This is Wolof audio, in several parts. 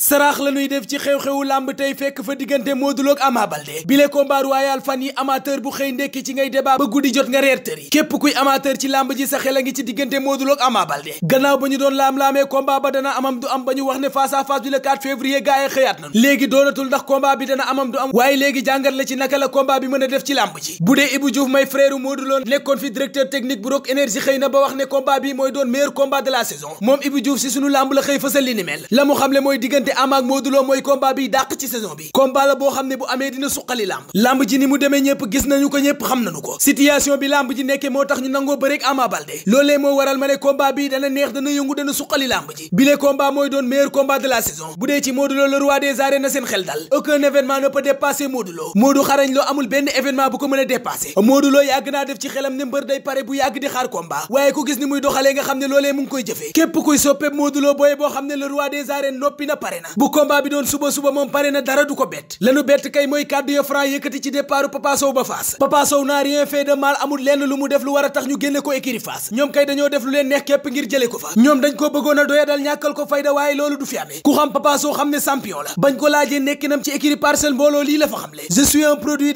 saraax la ñuy def ci xew-xewu làmb tey fekk fa diggante Modou Lo ak Ama Baldé bile combat royal fan yi amateur bu xëy ndekki ci ngay débat ba guddi jot nga reer tëri képp kuy amateur ci làmb ji sa xel a ngi ci diggante Modou Lo ak Ama gannaaw ba ñu doon laam-laamee combat ba dana amam du am ba ñu wax ne face à face bi le 4 février gaa yi xëyaat nañu léegi doonatul ndax combat bi dana amam du am waaye léegi jàngat la ci naka la combat bi mën a def ci làmb ji bu dee Ibou Diouf fi directeur technique bu ne combat bi mooy doon meilleur combat de la saison moom Ibou Diouf si sunu làmb la xëy fësal li ni mel mooy diggante diggante Ama ak Modou Lo mooy combat bi dàq ci saison bi combat la boo xam ne bu amee dina suqali làmb làmb ji ni mu demee ñëpp gis nañu ko ñëpp xam nañu ko situation bi làmb ji nekkee moo tax ñu nangoo bëreek Ama Baldé loolee moo waral ma ne combat bi dana neex dana yëngu dana suqali làmb ji bile combat mooy doon meilleur combat de la saison bu dee ci Modou Lo le roi des na seen xel dal aucun événement ne peut dépasser Modou xarañ loo amul benn événement bu a dépasser Modou Lo yàgg naa def ci ne mbër day pare bu combat bi doon suba suba moom pare na dara du ko bett lanu bett kay mooy kàddu ya Franc yëkkati ci départu Papa ba Fass Papa Sow n'a de mal amul lenn lu mu def lu war a tax ñu génne ko écurie Fass ñoom kay dañoo def lu leen neex képp ngir jële ko fa ñoom dañ koo bëggoon a ñàkkal ko fayda waaye loolu du fi amee ku xam Papa xam ne champion la bañ ko laajee nekkinam ci écurie Parcelles mbooloo lii la fa xamle je suis un produit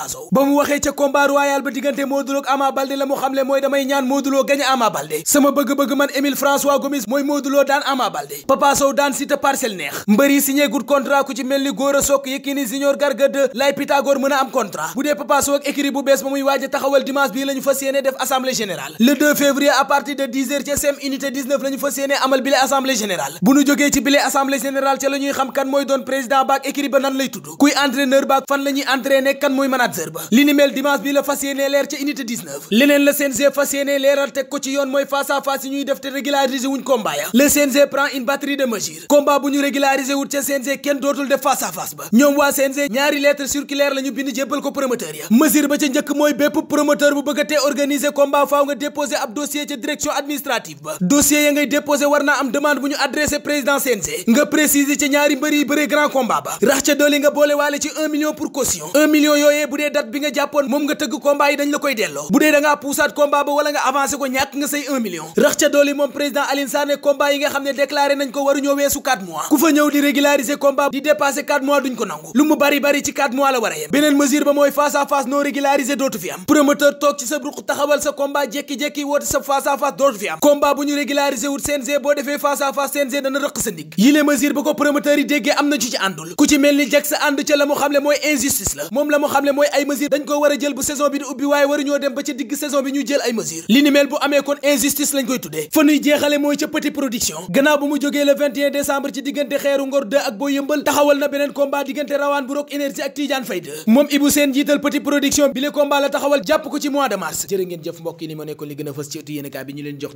Papa ba mu waxee ca combat royal ba diggante Modou Lo la mu xamle mooy damay ñaan Modou Lo gañe sama bëgg-bëgg man Émile François Gomis mooy Modou daan Ama Baldé daan Siteu Parcelles neex mbër yi signé ku ci mel ni Gora Sock Yékini Junior Garga 2 Laye Pythagore mën a am contrat bu dee Papa ak écurie bu bees ba muy waaj a taxawal dimanche bii la ñu fas def assemblée générale le 2 février à partir de 10 ca sem mooy doon président baak écurie manager ba li ni mel dimanche bi la fas yéenee leer ca unité 19 leneen la CNG fas yéenee leeral teg ko ci yoon mooy face à yi ñuy def te régulariser wuñ combat ya le CNG prend une batterie de mesures combat bu ñu régulariser wut ca CNG kenn dootul def face à ba ñoom waa CNG ñaari lettre circulaire la bind jébbal ko promoteur ya mesure ba ca njëkk mooy bépp promoteur bu bëgg a tee organiser combat nga déposer ab dossier ca direction administrative dee bi nga jàppoon moom nga tëgg combat yi dañ la koy delloo bu dee da puusaat combat ba wala nga avancé ko ñàkk nga say 1 million rax ca dooli moom président Alioune Sarr ne combat yi nga xam ne déclaré nañ ko waruñoo weesu 4 mois ku fa ñëw di régulariser combat di dépassé 4 mois duñ ko nangu lu mu bari bari ci 4 mois la war a yem beneen mesure ba mooy face à face non dootu fi am promoteur toog ci sa ruq taxawal sa combat jekki ay mesures dañ ko war a jël bu saison bi di ubbi waaye waruñoo dem ba ca digg saison bi ñu jël ay mesures li ni mel bu amee kon injustice lañ koy tuddee fa nuy jeexale mooy ca petit production gannaaw bu mu jógee le 21 décembre ci diggante xeeru ngor 2 ak boo yëmbal taxawal na beneen combat diggante rawaan bu rok énergie ak Tidiane Faye moom Ibou Sène jiital petit production bi le la taxawal jàpp ko ci mois de mars jërë ngeen jëf mbokk yi ni ma a fës ci ëttu yéenekaay